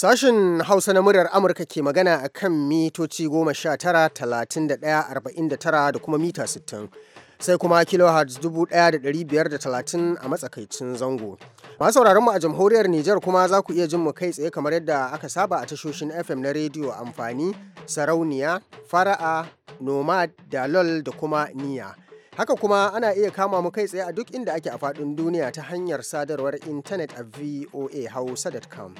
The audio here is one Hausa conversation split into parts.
Sashen Hausa na muryar Amurka ke magana a kan mitoci goma sha tara, talatin da ɗaya, arba'in da tara da kuma mita sittin. Sai kuma kilohertz dubu ɗaya da ɗari biyar da talatin a matsakaicin zango. Masu sauraron mu a jamhuriyar Nijar kuma za ku iya jin mu kai tsaye kamar yadda aka saba a tashoshin FM na rediyo amfani, sarauniya, fara'a, nomad, dalol da kuma niya. Haka kuma ana iya kama mu kai tsaye a duk inda ake a faɗin duniya ta hanyar sadarwar intanet a VOA Hausa.com.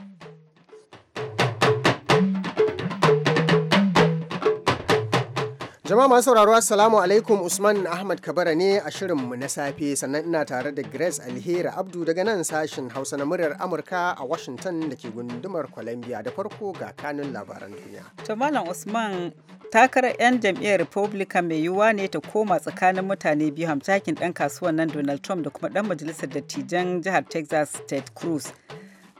Jama'a masu sauraro Assalamu alaikum Usman Ahmad Kabara ne a shirinmu na safe sannan ina tare da Grace Alheri Abdu daga nan sashin Hausa na muryar Amurka a Washington da ke gundumar Columbia da farko ga kanun labaran duniya. To Usman takarar 'yan jam'iyyar Republican mai yiwuwa ne ta koma tsakanin mutane biyu hamtakin ɗan kasuwan nan Donald Trump da kuma ɗan majalisar dattijan jihar Texas state Cruz.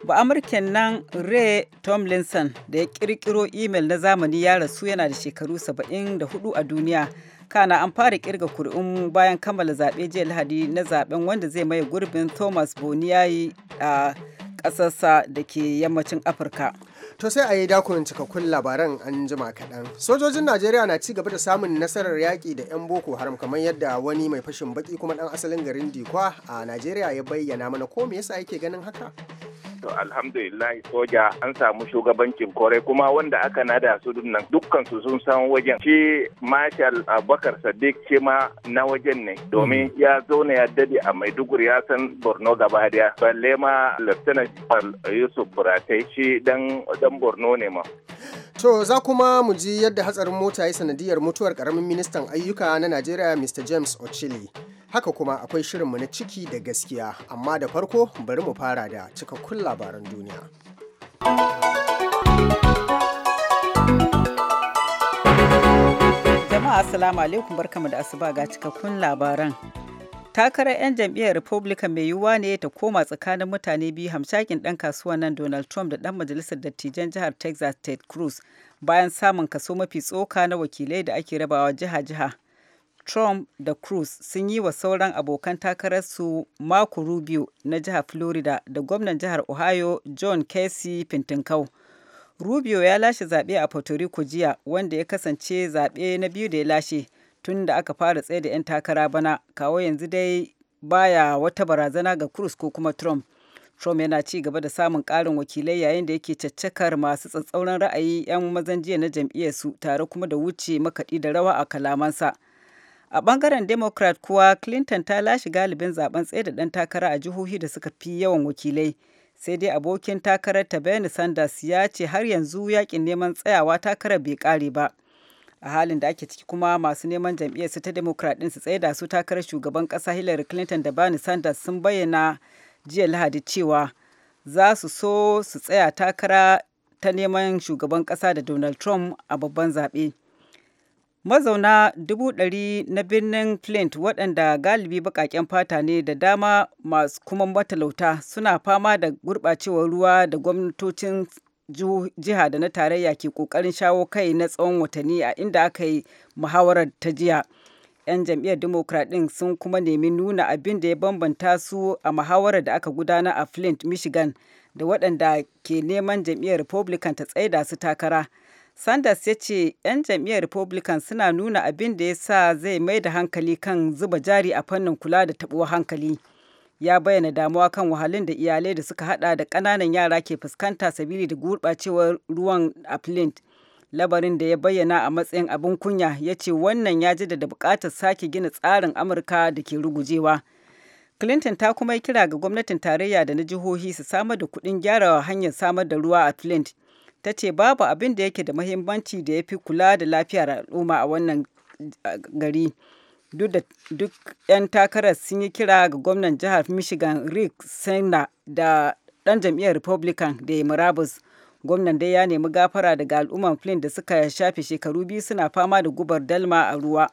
Ba'amurken nan Ray Tomlinson da ya kirkiro imel na zamani ya rasu yana da shekaru 74 a duniya. Kana an fara kirga kuri'un bayan kammala zaɓe jiya Lahadi na zaɓen wanda zai maye gurbin Thomas Boniyi a ƙasarsa da ke yammacin Afirka. To sai a yi dakunan cikakkun labaran an jima kaɗan. Sojojin Najeriya na ci gaba da samun nasarar yaƙi da 'yan Boko Haram kamar yadda wani mai fashin baƙi kuma ɗan asalin garin Dikwa a Najeriya ya bayyana mana ko me yasa yake ganin haka? To alhamdulillah soja an samu shugabancin kore kuma wanda aka nada su nan dukkan su sun san wajen. Shi Marshal Abubakar Sadiq shi ma na wajen ne domin hmm. ya zo ne ya dade a Maiduguri ya san Borno gaba daya. Balle ma Lieutenant Yusuf Buratai shi dan dan Borno ne ma. To za kuma mu ji yadda hatsarin mota ya sanadiyar mutuwar karamin ministan ayyuka na Najeriya Mr. James Ochili. Haka kuma akwai shirinmu na ciki da gaskiya, amma da farko bari mu fara da cikakkun labaran duniya. Jama'a Assalamu alaikum barkamu da asuba ga cikakkun labaran. takarar 'yan jam'iyyar republican mai yiwuwa ne ta koma tsakanin mutane biyu hamshakin dan kasuwa nan donald trump da dan majalisar dattijan jihar texas ted cruz bayan samun kaso mafi tsoka na wakilai da ake rabawa jiha-jiha Trump da Cruz sun yi wa sauran abokan takararsu Marco Rubio na jihar Florida da gwamnan jihar Ohio John Casey Fintinkau. Rubio ya lashe zaɓe a Puerto Rico jiya wanda ya kasance zaɓe na biyu da ya lashe tun da aka fara tsaye da 'yan takara bana kawo yanzu dai baya wata barazana ga Cruz ko kuma Trump. Trump yana ci gaba da samun ƙarin wakilai yayin da yake caccakar masu tsatsauran ra'ayi 'yan mazan jiya na jam'iyyarsu tare kuma da wuce makaɗi da rawa a kalamansa. A ɓangaren Democrat kuwa, Clinton ta lashe galibin zaben da ɗan takara a jihohi da suka fi yawan wakilai. Sai dai abokin takarar ta Bernie Sanders ya ce har yanzu yakin neman tsayawa takarar bai kare ba. A halin da ake ciki kuma masu neman jam'iyyarsu ta Democrat ɗin su da su takarar shugaban ƙasa Hillary Clinton da Bernie Sanders sun bayyana jiya Lahadi cewa za su so su tsaya takara ta neman shugaban ƙasa da Donald Trump a babban zaɓe. mazauna dubu ɗari na birnin flint waɗanda galibi baƙaƙen fata ne da dama masu kuma matalauta suna fama da gurɓacewar ruwa da gwamnatocin jiha da na tarayya ke ƙoƙarin shawo kai na tsawon watanni a inda aka yi muhawarar ta jiya 'yan jam'iyyar democrat sun kuma nemi nuna abin da ya bambanta su a muhawarar da aka gudana a flint michigan da waɗanda ke neman jam'iyyar republican ta tsaida su takara Sanders ya ce 'yan jam'iyyar Republican suna nuna abin da ya sa zai mai da hankali kan zuba jari a fannin kula da tabuwar hankali. Ya bayyana damuwa kan wahalin da iyalai da suka hada da ƙananan yara ke fuskanta sabili da gurɓacewar ruwan a Flint. Labarin da ya bayyana a matsayin abin kunya ya ce wannan ya ji da buƙatar sake gina tsarin Amurka da ke rugujewa. Clinton ta kuma yi kira ga gwamnatin tarayya da na jihohi su samar da kuɗin gyara hanyar samar da ruwa a Flint. ta ce babu abin da yake da mahimmanci da ya fi kula da lafiyar al'umma a wannan gari duk da 'yan takarar sun yi kira ga gwamnan jihar michigan rick sena da dan jam'iyyar republican da ya murabus gwamnan dai ya nemi gafara daga al'umman flint da suka shafe shekaru biyu suna fama da gubar dalma a ruwa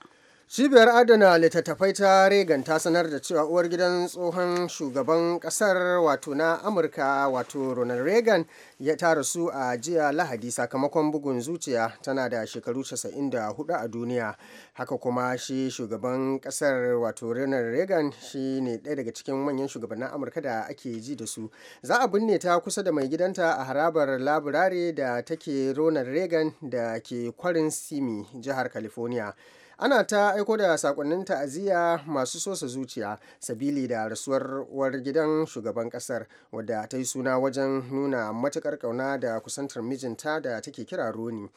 cibiyar adana littattafai ta reagan ta sanar da cewa uwar gidan tsohon shugaban kasar wato na amurka wato ronald reagan ya tara su a jiya lahadi sakamakon bugun zuciya tana da shekaru 94 a duniya haka kuma shi shugaban kasar wato ronald reagan shi ne ɗaya daga cikin manyan shugabannin amurka da ake ji da su za a binne ta kusa da mai gidanta a harabar laburare da take ronald reagan da ke kwarin simi jihar california ana ta aiko da sakonnin ta'aziyya masu sosa zuciya sabili da rasuwar uwargidan gidan shugaban kasar wadda ta yi suna wajen nuna matukar kauna da kusantar mijinta da take kira roni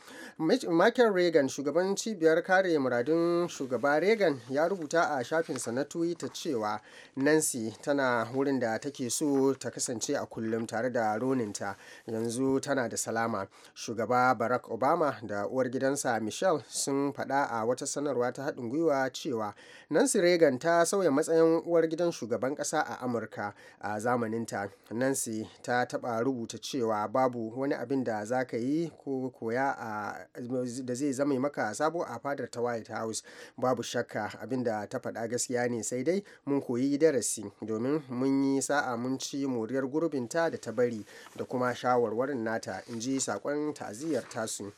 michael reagan shugaban cibiyar kare muradun shugaba reagan ya rubuta a shafinsa na twitter cewa nancy tana wurin da take so ta kasance a kullum tare da roninta yanzu tana da salama shugaba barack obama da uwar gidansa michelle sun faɗa a wata sana sanarwa ta haɗin gwiwa cewa nancy reagan ta sauya matsayin uwar gidan shugaban ƙasa a amurka a zamaninta nancy ta taɓa rubuta cewa babu wani abin da za ka yi ko koya da zai zama maka sabo a fadar ta white house babu shakka abin da ta faɗa gaskiya ne sai dai mun koyi darasi domin mun yi sa'a mun ci moriyar ta da ta bari da kuma shawarwarin nata in ji saƙon ta'aziyar tasu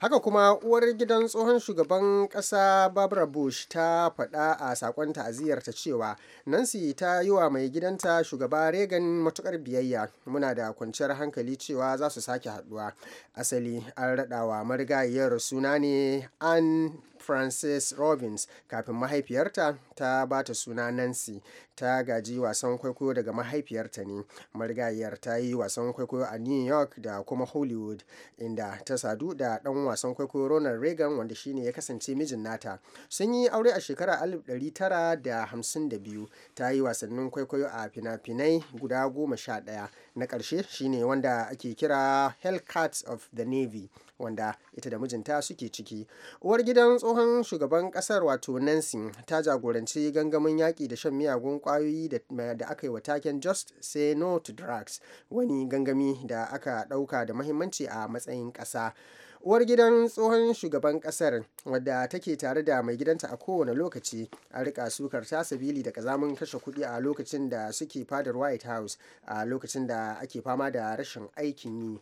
haka kuma uwar gidan tsohon shugaban ƙasa barbara bush ta faɗa a sakon ta'aziyarta cewa nancy ta yi wa mai gidanta shugaba reagan matukar biyayya muna da kwanciyar hankali cewa za su sake haɗuwa asali an raɗawa marigayiyar suna ne an francis robbins kafin mahaifiyarta ta ba ta suna nancy ta gaji wasan kwaikwayo daga mahaifiyarta ne marigayiyar ta yi wasan kwaikwayo a new york da kuma hollywood inda ta sadu da dan wasan kwaikwayo ronald reagan wanda shine ya kasance mijin nata sun yi aure a shekara 1952 ta yi wasannin kwaikwayo a fina-finai guda goma sha ɗaya na ƙarshe shine wanda ake kira hellcats of the navy wanda ita da mijinta suke ciki uwar gidan tsohon shugaban kasar wato nancy ta jagoranci gangamin yaƙi da shan miyagun ƙwayoyi da aka yi wa taken just say no to drugs wani gangami da aka ɗauka da mahimmanci a matsayin ƙasa uwar gidan tsohon shugaban kasar wadda take tare da mai gidanta a kowane lokaci a rika sukar ta sabili da kazamin kashe kuɗi a lokacin da suke fadar white house a lokacin da ake fama da rashin aikin yi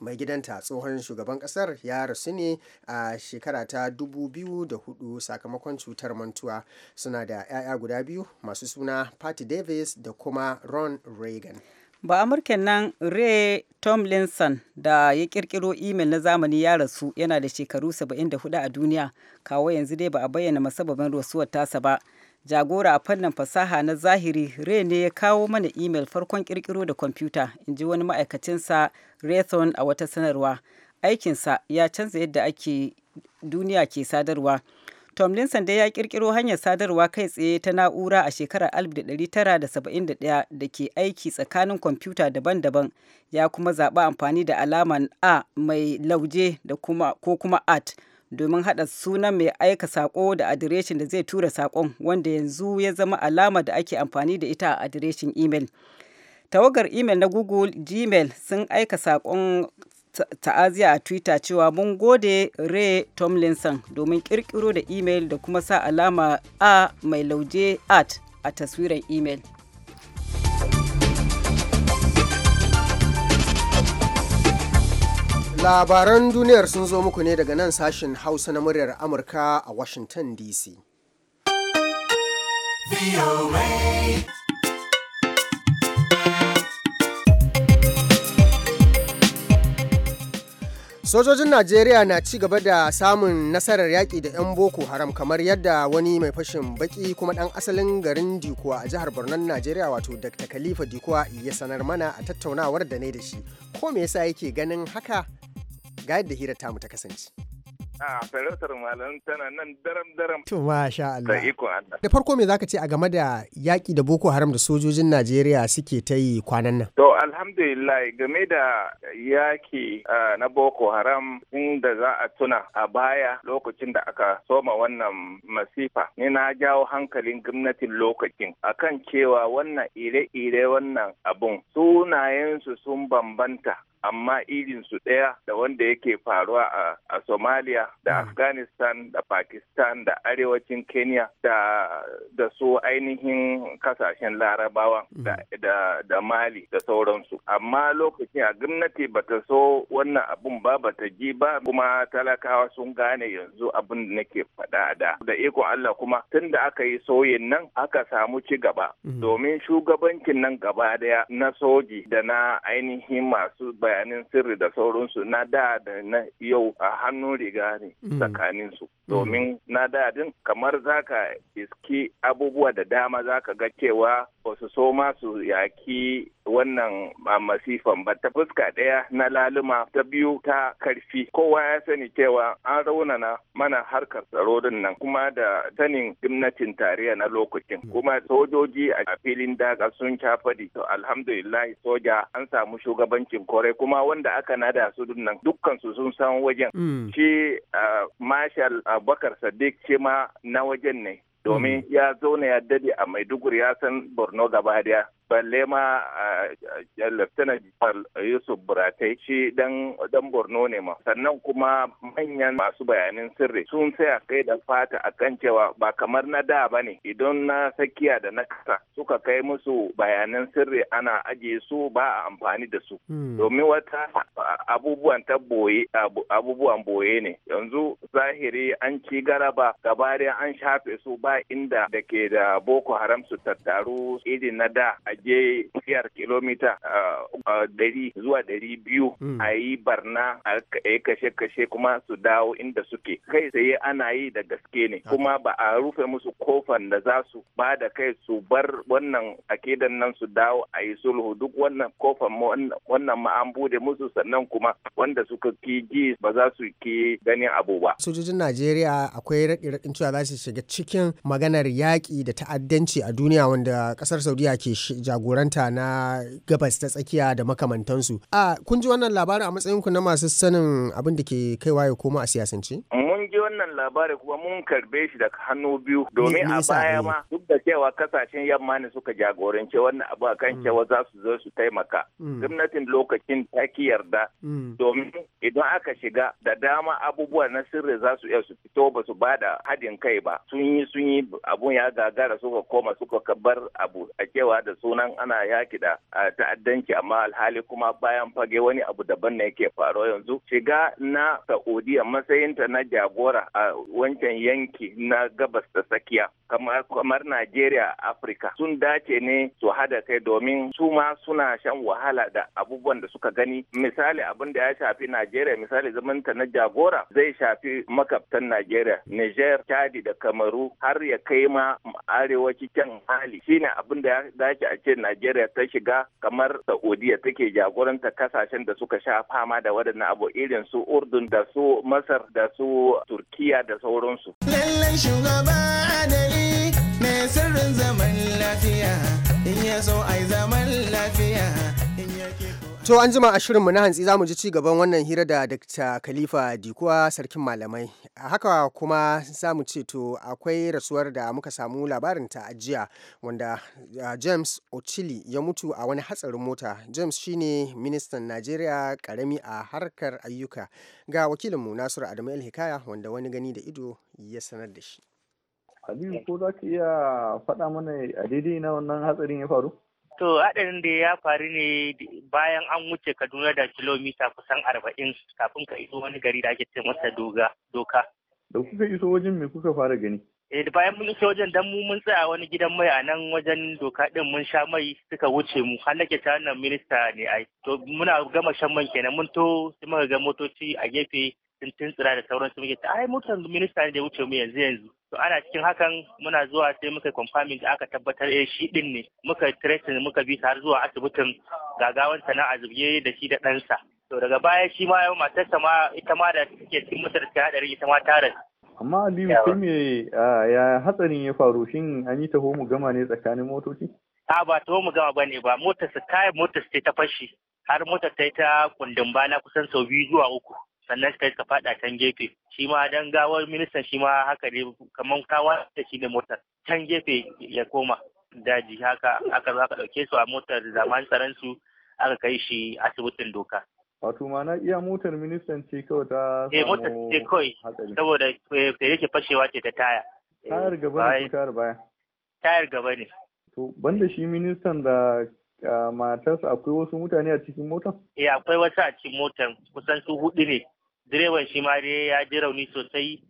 mai gidanta tsohon shugaban kasar ya rasu ne a shekara ta 2004 sakamakon cutar mantuwa suna da 'ya'ya guda biyu masu suna patty davis da kuma ron reagan ba amurken nan ray tomlinson da ya kirkiro imel na zamani ya rasu yana da shekaru 74 a duniya kawo yanzu dai ba a bayyana masababin rasuwar tasa ba jagora a fannin fasaha na zahiri ray ne ya kawo mana imel farkon kirkiro da kwamfuta in ji wani ma'aikacinsa rayton a wata sanarwa aikinsa ya canza yadda ake duniya ke sadarwa tomlinson dai ya kirkiro hanyar sadarwa kai tsaye ta na'ura a shekarar 1971 da ke aiki tsakanin kwamfuta daban-daban ya kuma zaɓi amfani da alaman a mai lauje da kuma ko kuma art domin haɗa sunan mai aika saƙo da adireshin da zai tura saƙon wanda yanzu ya zama alama da ake amfani da ita a adireshin imel. Tawagar imel na Google Gmail sun aika saƙon ta'aziya a Twitter cewa mun gode Ray Tomlinson domin kirkiro da imel da kuma sa alama A mai lauje at a taswirar imel. Labaran duniyar sun zo muku ne daga nan sashen Hausa na muryar Amurka a Washington DC. sojojin najeriya na ci gaba da samun nasarar yaƙi da 'yan boko haram kamar yadda wani mai fashin baki kuma ɗan asalin garin dikuwa a jihar bornon najeriya wato dr khalifa dikuwa ya sanar mana a tattaunawar da ne da shi ko me yasa yake ganin haka ga yadda hira ta mu ta kasance A malam tana nan daram-daram. To masha Allah. Da iko Allah. Da farko me zaka ce a game da yaki da Boko Haram da sojojin Najeriya suke ta yi kwanan nan? To alhamdulillah game da yaƙi na Boko Haram inda za a tuna a baya lokacin da aka soma wannan masifa. Ni na jawo hankalin gwamnatin lokacin akan cewa wannan ire-ire wannan abun sunayen su sun bambanta amma irin su ɗaya da wanda yake faruwa a, a Somalia da hmm. Afghanistan da Pakistan da arewacin Kenya da, da su ainihin kasashen Larabawa hmm. da, Mali da sauransu. Amma lokacin a gwamnati ba ta so wannan abun ba ba ta ji ba kuma talakawa sun gane yanzu abin da nake faɗa da. Da ikon Allah kuma tun da aka yi soyin nan aka samu ci gaba hmm. domin shugabancin nan gaba daya na soji da na ainihin masu bayanin sirri da sauransu na da da na yau a hannun riga ne mm. tsakanin su mm. domin na da din kamar zaka iski abubuwa da dama zaka ga cewa ba su so masu yaki wannan ah, masifan ba ta fuska ɗaya na laluma ta biyu ta karfi kowa ya sani cewa an raunana mana harkar tsaro din nan kuma da sanin gimnatin tarayya na lokacin hmm. kuma sojoji a filin daga sun sha faɗi to alhamdulillah soja an samu shugabancin kore kuma wanda aka nada su din nan dukkan su sun san wajen hmm. shi ah, marshal abubakar sadiq shi ma na wajen ne hmm. domin ya zauna ya dade a maiduguri ya san borno gaba daya balle ma jihar yusuf buratai shi dan borno ne ma sannan kuma manyan masu bayanin sirri sun tsaya kai da fata akan cewa ba kamar na da ba ne idan na sakiya da na kasa suka kai musu bayanan sirri ana ajiye su ba a amfani da su hmm. domin wata abubuwan ta boye abubuwan boye ne yanzu zahiri an ci garaba gabari an shafe su ba inda da ke da boko haram su tattaru irin na da a je tsayar kilomita ah, ah, ɗari zuwa ɗari biyu hmm. a yi barna a yi kashe-kashe kuma su dawo inda suke kai tsaye ana yi da gaske ne kuma ba a rufe musu kofan da za su ba da kai su bar wannan akidan nan su dawo a yi sulhu duk wannan kofan wannan ma an bude musu sannan kuma wanda suka ki ji ba za su ki ganin abu ba. Sojojin Najeriya akwai raɗi-raɗin cewa za su shiga cikin maganar yaƙi da ta'addanci a duniya wanda ƙasar Saudiya ke jagoranta na gabas ta tsakiya da makamantansu a kun ji wannan labarin a matsayinku na masu sanin abin da ke kaiwa ya koma a siyasance ji wannan labarin kuma mun karbe shi daga hannu biyu domin a baya eh. ma duk da cewa kasashen yamma ne suka jagorance wannan abu a kan mm. cewa za su zo su taimaka. Mm. Gwamnatin lokacin ta ki yarda mm. domin idan aka shiga da dama abubuwa na sirri za su iya su fito ba su bada hadin kai ba sun yi sun yi abun ya gagara suka koma suka kabar abu a cewa da sunan ana yaki da ta'addanci amma alhali kuma bayan fage wani abu daban ne yake faruwa yanzu shiga na Saudiya matsayinta na jago jagora a wancan yanki na gabas da tsakiya kamar Najeriya Afirka sun dace ne su hada kai domin su ma suna shan wahala da abubuwan da suka gani misali abin da ya shafi Najeriya misali zamanta na jagora zai shafi makabtan Najeriya Niger Chadi da Kamaru har ya kai ma arewaci can hali shine abin da ya dace a ce Najeriya ta shiga kamar Saudiya take jagoranta kasashen da suka sha fama da waɗannan abu irin su Urdun da su Masar da su turkiya da sauransu lallai shugaba adali mai sirrin zaman lafiya in ya so ai zaman lafiya To an jima a shirinmu na hantsi zamu ji ci gaban wannan hira da Dr. Khalifa Dikuwa sarkin malamai. A haka kuma zamu ce to akwai rasuwar da muka samu labarin ta ajiya wanda James Ochili ya mutu a wani hatsarin mota. James shine ministan Najeriya karami a harkar ayyuka. Ga wakilinmu Nasiru Adamu El Hikaya wanda wani gani da ido ya sanar da shi. Aliyu ko za ka iya faɗa mana a daidai na wannan hatsarin ya faru? To haɗarin da ya faru ne bayan an wuce Kaduna da kilomita kusan arba'in kafin ka iso wani gari da ake ce masa doga doka. Da kuka iso wajen me kuka fara gani? Eh bayan mun iso wajen dan mu mun tsaya wani gidan mai a nan wajen doka din mun sha mai suka wuce mu har nake ta wannan minista ne ai. To muna gama shan man kenan mun to sai muka ga motoci a gefe tuntun tsira da sauransu muke ta ai mutan minista ne da wuce mu yanzu yanzu to ana cikin hakan muna zuwa sai muka confirming da aka tabbatar eh shi din ne muka tracing muka bi har zuwa asibitin gagawan sana a zubiye da shi da ɗansa to daga baya shi ma matarsa ma ita ma da take cikin mutar ta hadari ita ma ta rasu amma aliyu sai me ya hatsarin ya faru shin an yi taho mu gama ne tsakanin motoci a ba taho mu gama bane ba motar su kayan motar sai ta fashi har motar ta yi ta kundin bana kusan sau biyu zuwa uku sannan kai ka fada can gefe shi ma dan gawar ministan shi ma haka ne kamar kawa da shi ne motar can gefe ya koma daji haka aka zo aka dauke su a motar zaman tsaron su aka kai shi asibitin doka wato na iya motar ministan ce kawai ta eh motar ce kawai saboda eh, da yake fashewa ce ta taya tayar gaba ne ko tayar baya tayar gaba ne to banda shi ministan da ah, matarsa akwai wasu mutane a cikin motar eh akwai wasu a cikin motar kusan su hudu ne direban shi ma dai ya ji rauni sosai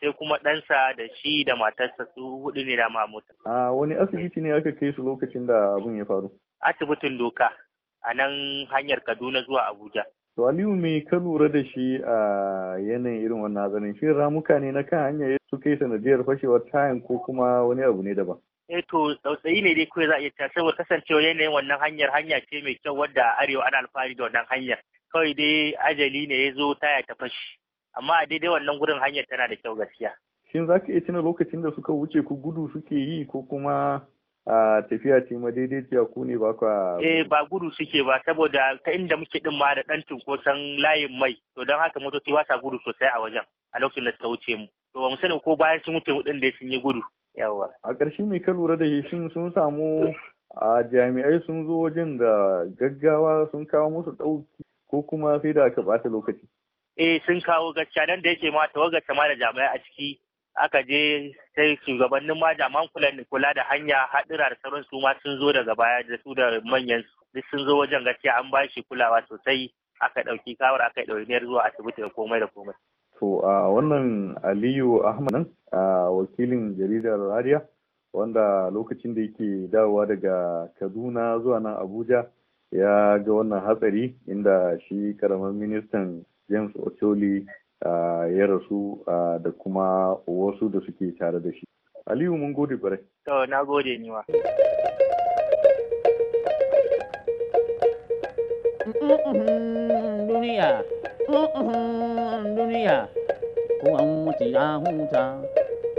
sai kuma ɗansa da shi da matarsa su hudu ne da mamuta. a wani asibiti ne aka kai su lokacin da abin ya faru asibitin doka a nan hanyar kaduna zuwa abuja to aliyu me ka lura da shi a yanayin irin wannan hatsarin shi ramuka ne na kan hanya su kai sanadiyar fashewar tayan ko kuma wani abu ne daban eh to tsautsayi ne dai kawai za a iya ta saboda kasancewa yanayin wannan hanyar hanya ce mai kyau wadda arewa ana alfahari da wannan hanyar kawai dai ajali ne ya zo taya ta fashi amma a daidai wannan gurin hanyar tana da kyau gaskiya shin za ka iya tuna lokacin da suka wuce ku gudu suke yi ko kuma a tafiya ce ma daidaiciya ku ne ba kwa eh ba gudu suke ba saboda ta inda muke din ma da dan cunkoson layin mai to don haka motoci ba sa gudu sosai a wajen a lokacin da suka wuce mu to ba mu sani ko bayan sun wuce ɗin da sun yi gudu yawa a ƙarshe mai, ka lura da shin sun samu a jami'ai sun zo wajen da gaggawa sun kawo musu ɗauki ko kuma sai da aka bata lokaci eh sun kawo gaskiya nan da yake ma tawagar ma da jami'ai a ciki aka je sai shugabannin ma jaman kula da hanya haɗura da sauran su ma sun zo daga baya da su da manyan duk sun zo wajen gaskiya an bashi kulawa sosai aka ɗauki kawar aka ɗauki zuwa asibiti da komai da komai. To a wannan Aliyu Ahmad nan a wakilin jaridar Rariya wanda lokacin da yake dawowa daga Kaduna zuwa nan Abuja ya ga wannan hatsari inda shi karamin ministan james ocholi ya rasu da kuma wasu da suke tare da shi aliyu mun gode bare to na gode niwa duniya duniya ko an mutu ya huta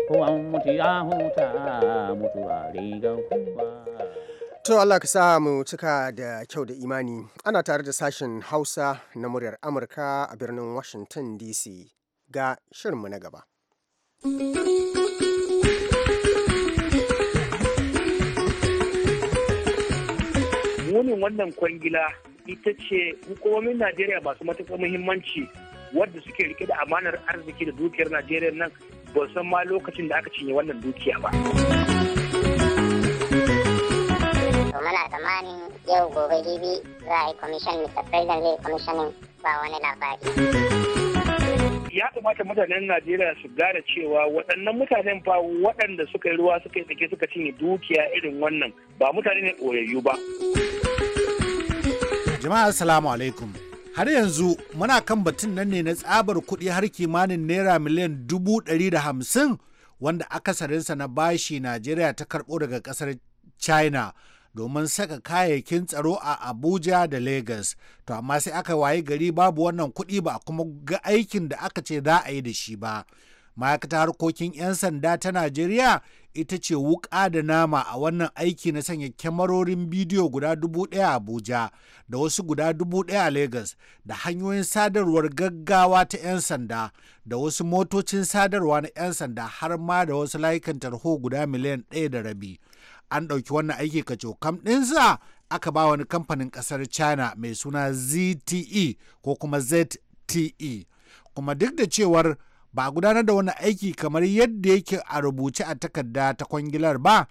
ko an mutu ya huta mutuwa rigar kuma To Allah ka sa mu cika da kyau da imani ana tare da sashen Hausa na muryar Amurka a birnin Washington DC ga shirinmu na gaba. Munin wannan kwangila ita ce hukumomin Najeriya masu matuƙar muhimmanci wadda suke rike da amanar arziki da dukiyar Najeriya nan ba san ma lokacin da aka cinye wannan dukiya ba. to muna tsammanin yau gobe jibi za a yi commission mr president zai ba wani labari ya kamata mutanen najeriya su gane cewa waɗannan mutanen fa waɗanda suka yi ruwa suka yi sake suka cinye dukiya irin wannan ba mutane ne ɓoyayyu ba jama'a assalamu alaikum har yanzu muna kan batun nan ne na tsabar kuɗi har kimanin naira miliyan dubu ɗari da hamsin wanda akasarinsa na bashi najeriya ta karɓo daga ƙasar china domin saka kayayyakin tsaro a abuja da lagos to amma sai aka waye gari babu wannan kuɗi ba kuma ga aikin da aka ce za a yi da shi ba ma'aikatar harkokin 'yan sanda ta najeriya ita ce wuƙa da nama a wannan aiki na sanya kyamarorin bidiyo guda dubu ɗaya abuja da wasu guda dubu ɗaya lagos da hanyoyin sadarwar gaggawa ta 'yan sanda da wasu motocin sadarwa na 'yan sanda har ma da wasu layukan tarho guda miliyan ɗaya da rabi an ɗauki wannan aiki kacokam ɗinsa aka ba wani kamfanin ƙasar china mai suna zte ko kuma zte kuma duk da cewar ba gudanar da wani aiki kamar yadda yake a rubuce a takarda ta kwangilar ba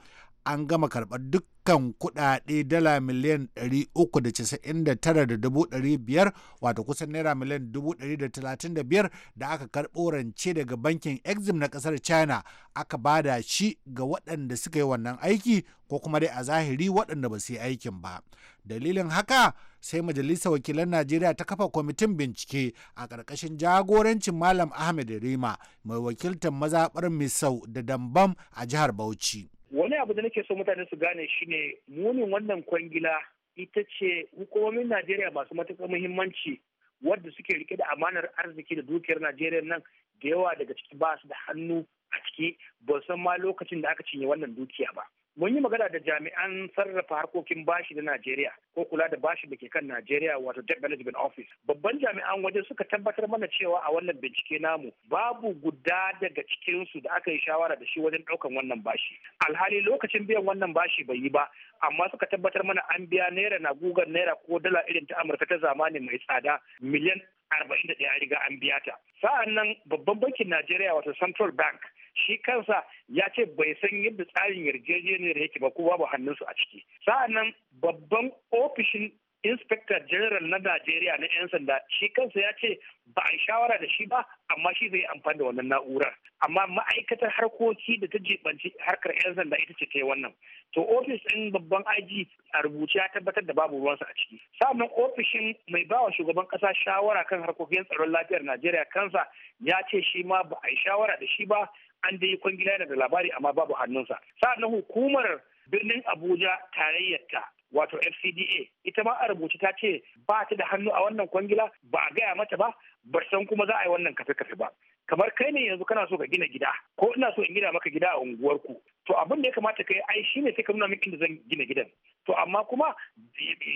an gama karɓar duk kan kuɗaɗe dala miliyan 399,500 wato kusan naira miliyan 135 da aka karɓo rance daga bankin exim na ƙasar china aka ba da shi ga waɗanda suka yi wannan aiki ko kuma dai a zahiri waɗanda ba su yi aikin ba dalilin haka sai majalisar wakilan najeriya ta kafa kwamitin bincike a ƙarƙashin jagorancin malam ahmed rima mai wakiltar mazaɓar misau da dambam a jihar bauchi wani abu da nake so mutane su gane shine munin wannan kwangila ita ce hukumomin najeriya masu matuƙar muhimmanci wadda suke rike da amanar arziki da dukiyar najeriya nan da yawa daga ciki ba su da hannu a ciki ba san ma lokacin da aka cinye wannan dukiya ba mun yi magana da jami'an sarrafa harkokin bashi da Najeriya ko kula da bashi da ke kan Najeriya wato Debt Management Office. Babban jami'an waje suka tabbatar mana cewa a wannan bincike namu babu guda daga cikinsu da aka yi shawara da shi wajen ɗaukan wannan bashi. Alhali lokacin biyan wannan bashi bai yi ba amma suka tabbatar mana an biya naira na gugan naira ko dala irin ta Amurka ta zamani mai tsada miliyan arba'in da ɗaya riga an biya ta sa'an nan babban bankin najeriya wato central bank shi kansa ya ce bai san yadda tsarin yarjejeniyar yake ba ko babu hannunsu a ciki sa'an nan babban ofishin inspector general na najeriya na 'yan sanda shi kansa ya ce ba a shawara da shi ba amma shi zai amfani da wannan na'urar amma ma'aikatar harkoki da ta jibanci harkar 'yan sanda ita ce ta yi wannan to ofis ɗin babban IG a rubuce ya tabbatar da babu ruwansa a ciki sannan ofishin mai bawa shugaban ƙasa shawara kan harkokin tsaron lafiyar Najeriya kansa ya ce shi ma ba a yi shawara da shi ba an dai kwangila da labari amma babu hannunsa sannan hukumar birnin Abuja tarayyarta wato FCDA ita ma a rubuce ta ce ba ta da hannu a wannan kwangila ba a gaya mata ba ba san kuma za a yi wannan kafe-kafe ba kamar kai ne yanzu kana so ka gina gida ko ina so in gina maka gida a unguwarku to abin da ya kamata kai ai shine sai ka nuna min inda zan gina gidan to amma kuma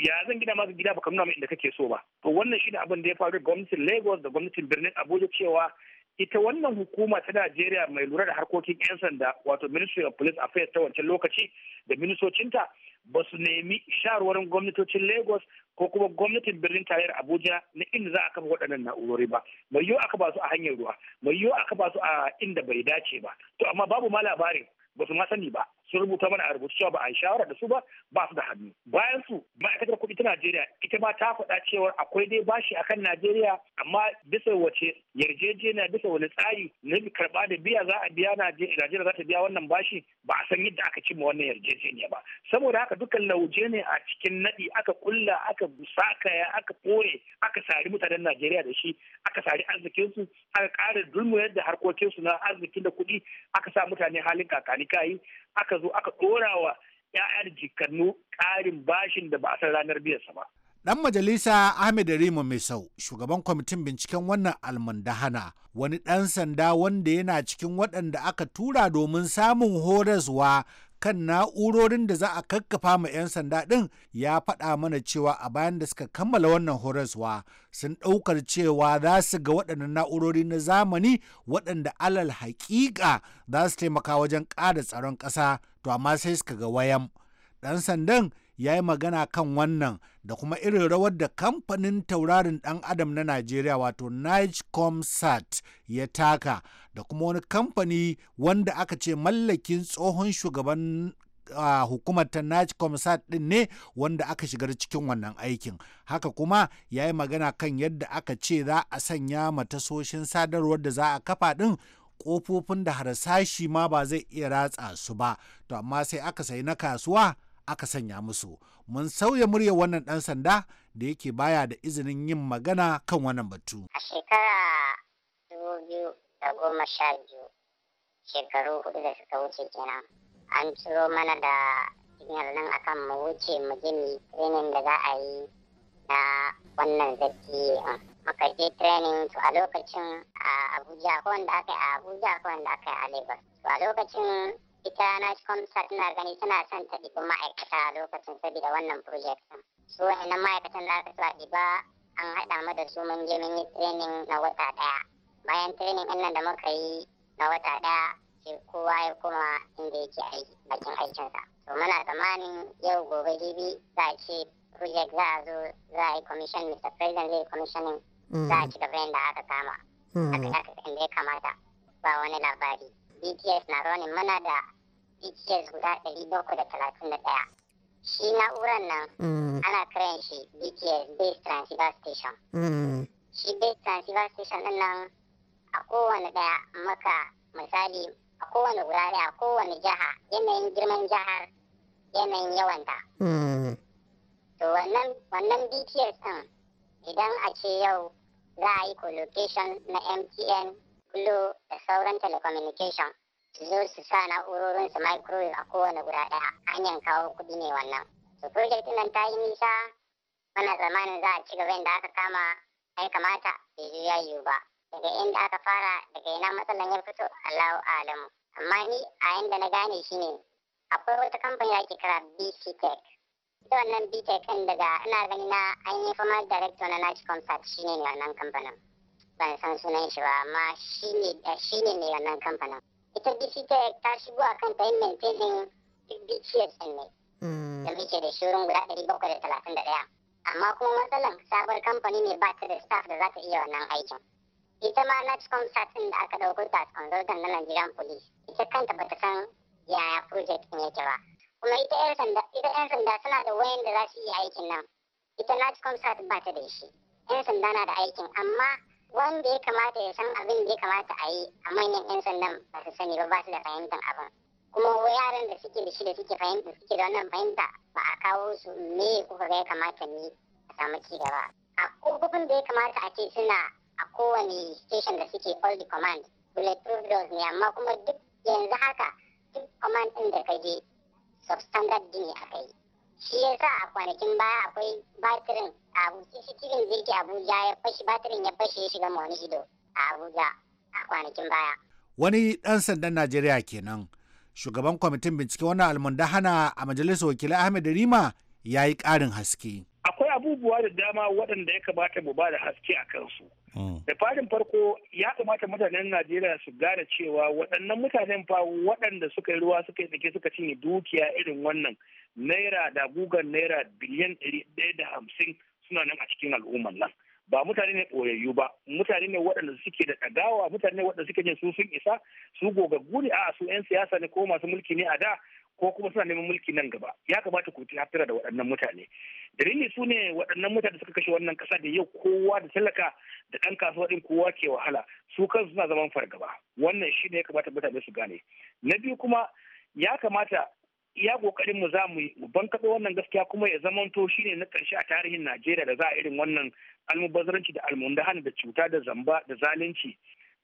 ya zan gina maka gida baka nuna min inda kake so ba to wannan shine abin da ya faru gwamnatin Lagos da gwamnatin birnin Abuja cewa ita wannan hukuma ta Najeriya mai lura da harkokin 'yan sanda wato Ministry of Police Affairs ta wancan lokaci da ministocinta ba su nemi shawarwarin gwamnatocin lagos ko kuma gwamnatin birnin tarayyar abuja na inda za a kafa waɗannan na'urori ba mai yiwu aka ba su a hanyar ruwa mai yiwu aka ba su a inda bai dace ba to amma babu ma labarin ba su ma sani ba sun rubuta mana a rubutu cewa ba a shawara da su ba ba su da hannu bayan su ma'aikatar kuɗi ta Najeriya ita ma ta faɗa cewa akwai dai bashi akan Najeriya amma bisa wace yarjejeniya bisa wani tsari na karɓa da biya za a biya Najeriya za ta biya wannan bashi ba a san yadda aka cimma wannan yarjejeniya ba saboda haka dukkan lauje ne a cikin naɗi aka kulla aka busakaya aka kore aka sari mutanen Najeriya da shi aka sari arzikinsu aka ƙara dulmuyar da harkokinsu na arzikin da kuɗi aka sa mutane halin kakani yi aka zo aka ɗora wa 'ya'yan jikannu ƙarin bashin da ba a san ranar biyarsa ba. Ɗan majalisa Ahmed Rima sau shugaban kwamitin binciken wannan almandahana wani ɗan sanda wanda yana cikin waɗanda aka tura domin samun horaswa kan na'urorin da za a kakkafa ma 'yan sanda ɗin ya faɗa mana cewa a bayan da suka kammala wannan horaswa sun ɗaukar cewa za su ga waɗannan na'urori na zamani waɗanda alal haƙiƙa za su taimaka wajen ƙara tsaron ƙasa to amma sai suka ga wayan ɗan sandan ya yi magana kan wannan da kuma irin rawar da kamfanin taurarin dan adam na Najeriya wato Nigecomsat ya taka da kuma wani kamfani wanda aka ce mallakin tsohon shugaban uh, hukumar ta NACOMSAT din ne wanda aka shigar cikin wannan aikin. Haka kuma ya yi magana kan yadda aka ce za a sanya matasoshin sadarwar da za a kafa din kofofin da harsashi ma ba zai iya ratsa su ba. To amma sai aka sayi na kasuwa aka sanya musu mun sauya murya wannan ɗan sanda da yake baya da izinin yin magana kan wannan batu a shekara dubu biyu da goma sha biyu shekaru hudu da suka wuce kenan an turo mana da signal nan akan mu wuce mu gini training da za a yi na wannan zaki muka je training to a lokacin a abuja ko wanda aka yi a abuja ko wanda aka yi a lagos to a lokacin ita na consult na gani tana son ta ɗibi ma'aikata a lokacin saboda wannan project ɗin su ma'aikatan da aka sa an haɗa mu da su mun je mun yi training na wata ɗaya bayan training ɗin nan da muka yi na wata ɗaya sai kowa ya koma inda yake aiki bakin aikinsa to muna tsammanin yau gobe jibi za a ce project za a zo za a yi commission mr president zai commissioning za a mm. ci gaba da aka kama mm. aka inda ya kamata ba wani labari bts na ronin mana da bts guda ɗari bakwai da talatin da ɗaya shi na'urar nan mm. ana kiran shi bts base transceiver station mm. shi base transceiver station ɗin a kowane ɗaya maka misali a kowane wurare a kowane jiha yanayin girman jihar yanayin yawanta mm. to wannan bts ɗin idan a ce yau za a yi co-location na mtn glo da sauran telecommunication su zo su sa na'urorin su microwave a kowane guda ɗaya hanyar kawo kuɗi ne wannan to project nan ta yi nisa mana zamanin za a ci gaba inda aka kama ai kamata bai zo ya yiwu ba daga inda aka fara daga ina matsalan ya fito Allahu alam amma ni a inda na gane shi ne akwai wata kamfani da ake kira BC Tech ita wannan BC Tech daga ina gani na ainihin former director na Nash Concert shi ne wannan kamfanin ban san sunan shi ba amma shi ne mai wannan kamfanin ita bishiyar ta shigo a kan tayin mai fesin bishiyar sannan da muke da shirin guda ɗari bakwai da talatin da ɗaya amma kuma matsalar sabar kamfani ne ba ta da staff da za iya wannan aikin ita ma natcom sat ɗin da aka ɗauko ta consultant na nigerian police ita kanta ba ta san yaya project ɗin yake ba kuma ita 'yan sanda ita 'yan sanda suna da wayan da za su iya aikin nan ita natcom sat ba ta da shi 'yan sanda na da aikin amma wanda ya kamata ya san abin da ya kamata a yi a manyan 'yan sandan ba su sani ba ba su da fahimtar abin kuma yaran da suke da shi da suke fahimta suke da wannan fahimta ba a kawo su me kuka ga ya kamata ne a samu ci gaba a kofofin da ya kamata a ce suna a kowane station da suke all the command bulletproof doors ne amma kuma duk yanzu haka duk command din da ka je substandard ne a kai shi yasa a kwanakin baya akwai batirin Abuja ya fashi batirin ya fashe shiga mawani shido a Abuja kwanakin baya. Wani ɗan sandan Najeriya kenan. Shugaban kwamitin bincike Wani almundahana a majalisar wakilai Ahmed Rima ya yi ƙarin haske. Akwai abubuwa da dama waɗanda ya kamata mu ba da haske a kansu. Hmm. Da farin farko ya kamata mutanen Najeriya su gane cewa waɗannan mutanen fa waɗanda suka yi ruwa suka yi sake suka cinye dukiya irin wannan naira da gugan naira biliyan ɗari ɗaya da hamsin suna nan a cikin al'umman nan ba mutane ne ɓoyayyu ba mutane ne waɗanda suke da ɗagawa mutane ne waɗanda suke jin su sun isa su gogaggu ne a'a su 'yan siyasa ne ko masu mulki ne a da ko kuma suna neman mulki nan gaba ya kamata ku tattara da waɗannan mutane dalili su ne waɗannan mutane suka kashe wannan ƙasa da yau kowa da talaka da ɗan kasuwa ɗin kowa ke wahala su kansu suna zaman fargaba wannan shi ne ya kamata mutane su gane na biyu kuma ya kamata iya kokarin mu za mu yi mu bankaɗo wannan gaskiya kuma ya zamanto shine na ƙarshe a tarihin Najeriya da za a irin wannan almubazzaranci da almundahan da cuta da zamba da zalunci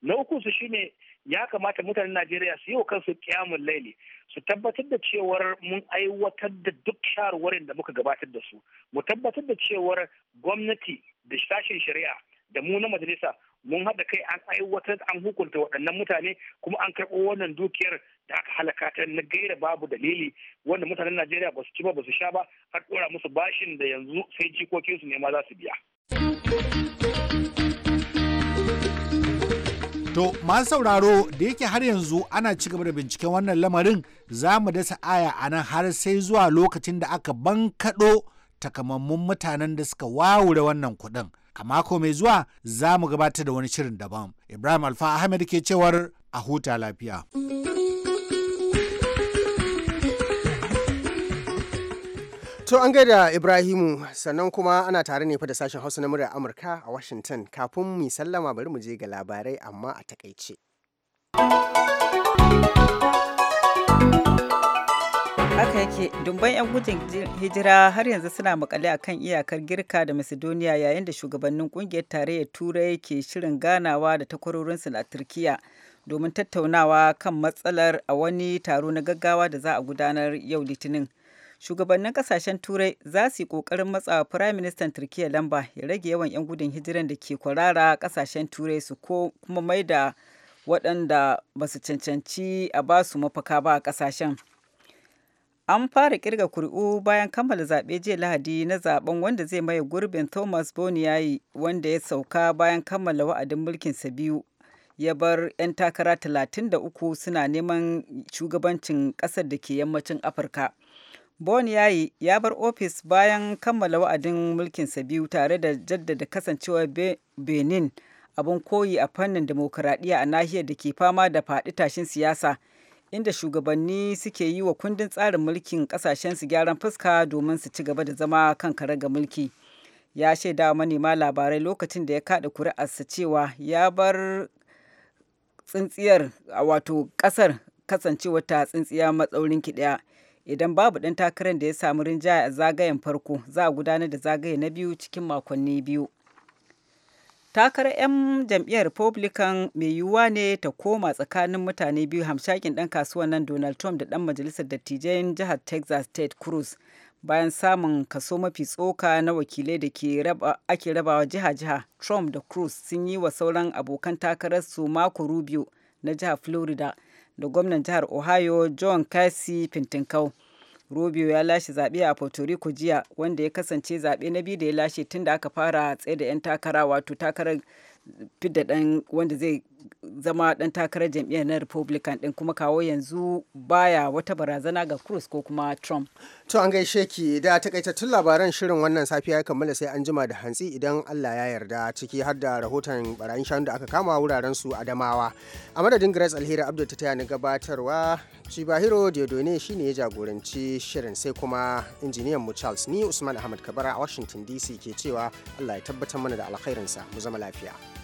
na uku su shine ya kamata mutanen Najeriya su yi wa kansu kiyamun laili su tabbatar da cewar mun aiwatar da duk shawarwarin da muka gabatar da su mu tabbatar da cewar gwamnati da sashen shari'a da mu na majalisa mun haɗa kai an aiwatar an hukunta waɗannan mutane kuma an karɓo wannan dukiyar da aka halaka ta na gaira babu dalili wanda mutanen najeriya ba su ci ba ba su sha ba har kora musu bashin da yanzu sai su ne ma za su biya. To masu sauraro da yake har yanzu ana ci gaba da binciken wannan lamarin za mu dasa aya a nan har sai zuwa lokacin da aka bankaɗo takamammun mutanen da suka wawure wannan kuɗin. A mako mai zuwa za mu gabatar da wani shirin daban. Ibrahim Alfa Ahmed ke cewar a huta lafiya. To an gaida Ibrahimu sannan kuma ana tare ne fa da sashen Hausa na muryar Amurka a Washington kafin mu sallama bari mu je ga labarai amma a takaice. haka yake dumban 'yan gudun hijira har yanzu suna makale a kan iyakar girka da macedonia yayin da shugabannin kungiyar tarayyar turai ke shirin ganawa da takwarorinsu na turkiya domin tattaunawa kan matsalar a wani taro na gaggawa da za a gudanar yau litinin shugabannin kasashen turai za su yi kokarin matsawa firayim ministan turkiyya lamba ya rage yawan 'yan gudun hijiran da ke kwarara kasashen turai su ko kuma mai da waɗanda ba su cancanci a ba su mafaka ba a kasashen an fara kirga kuri'u bayan kammala zaɓe jiya lahadi na zaben wanda zai maye gurbin thomas boniyayi wanda ya sauka bayan kammala wa'adin mulkinsa biyu ya bar 'yan takara talatin da uku suna neman shugabancin ƙasar da ke yammacin afirka yayi ya bar ofis bayan kammala wa'adin mulkinsa biyu tare da jaddada kasancewar Benin abin koyi a fannin demokuraɗiyya a nahiyar da ke fama da faɗi tashin siyasa, inda shugabanni suke yi wa kundin tsarin mulkin ƙasashensu gyaran fuska domin su ci gaba da zama kan kare ga mulki. Ya shaida manema labarai lokacin da ya kaɗa kuri'arsa cewa ya bar tsintsiyar wato ƙasar kasancewa ta tsintsiya matsaurin ki ɗaya. idan babu ɗan takarar da ya samu rinjaya a zagayen farko za a gudanar da zagaye na biyu cikin makonni biyu takarar 'yan jam'iyyar republican mai yiwuwa ne ta koma tsakanin mutane biyu hamshakin ɗan kasuwan nan donald trump da ɗan majalisar dattijan jihar texas state cruz bayan samun kaso mafi tsoka na wakilai da ake rabawa jiha-jiha trump da cruz sun yi wa sauran abokan takararsu mako rubio na jihar florida da gwamnan jihar ohio john casey fintinkau rubio ya lashe zaɓe a puerto rico jiya wanda ya kasance zaɓe na biyu da ya lashe tun da aka fara tsaye da 'yan takara wato takarar fidda ɗan wanda zai zama dan takarar jam'iyyar na republican din kuma kawo yanzu baya wata barazana ga cruz ko kuma trump to an gaishe ki da takaitattun labaran shirin wannan safiya ya kammala sai an jima da hantsi idan allah ya yarda ciki har da rahoton barayin shanu da aka kama wuraren su adamawa a madadin grace alheri abdul ta taya ni gabatarwa cibahiro diodone shine ya jagoranci shirin sai kuma injiniyan mu charles ni usman ahmad kabara a washington dc ke cewa allah ya tabbatar mana da alkhairinsa mu zama lafiya